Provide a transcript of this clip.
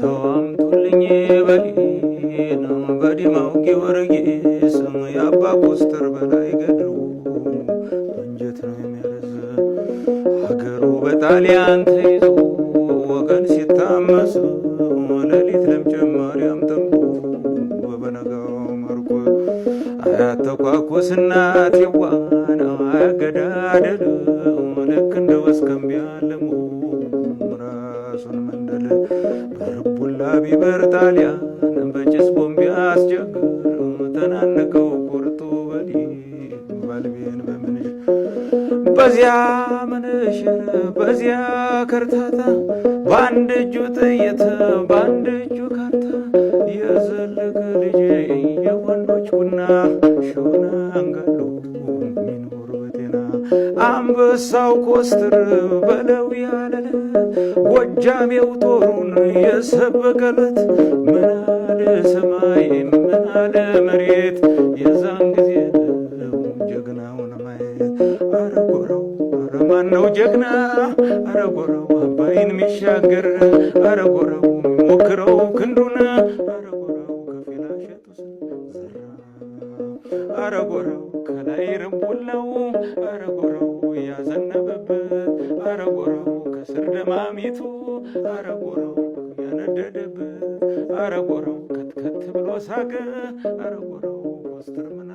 ተዋምጡልኝ በሌን በዲማው ጊዮርጊስ የአባ ኮስተር በላይ ገድሉ አንጀት ነው የሚያረዝ ሀገሩ በጣሊያን ተይዞ ወገን ሲታመስ ሌሊት ለምጨም ማርያም ጠምቆ በበነጋው መርቆ አያት ተኳኩስ እናት አያገዳደል ልክ እንደ ወስከምቢያ ራሱን መንደል ላቢ በርታሊያንም በጭስ ቦምብ ያስቸግር ተናነቀው ቁርጡ በዲ ባልቤን በምንሽ በዚያ ምንሽር በዚያ ከርታታ በአንድ እጁ ጥይት በአንድ እጁ ካርታ የዘለቀ ልጄ የወንዶች ቡና ሽውና አንገር አንበሳው ኮስትር በለው ያለ ጎጃሜው ጦሩን የሰበቀለት ምናለ ሰማይ ምናለ መሬት የዛን ጊዜ ጀግናውን ማየት አረጎረው ማነው ጀግና አረጎረው አባይን ሚሻገር አረጎረው ሞክረው ክንዱን አረጎረው ከላይ ረቡላው አረጎረው ያዘነበበት አረጎረው ከስር ደማሚቱ አረጎረው ያነደደበት አረጎረው ከትከት ብሎ ሳገ አረጎረው ጎራው ወስጥር ምን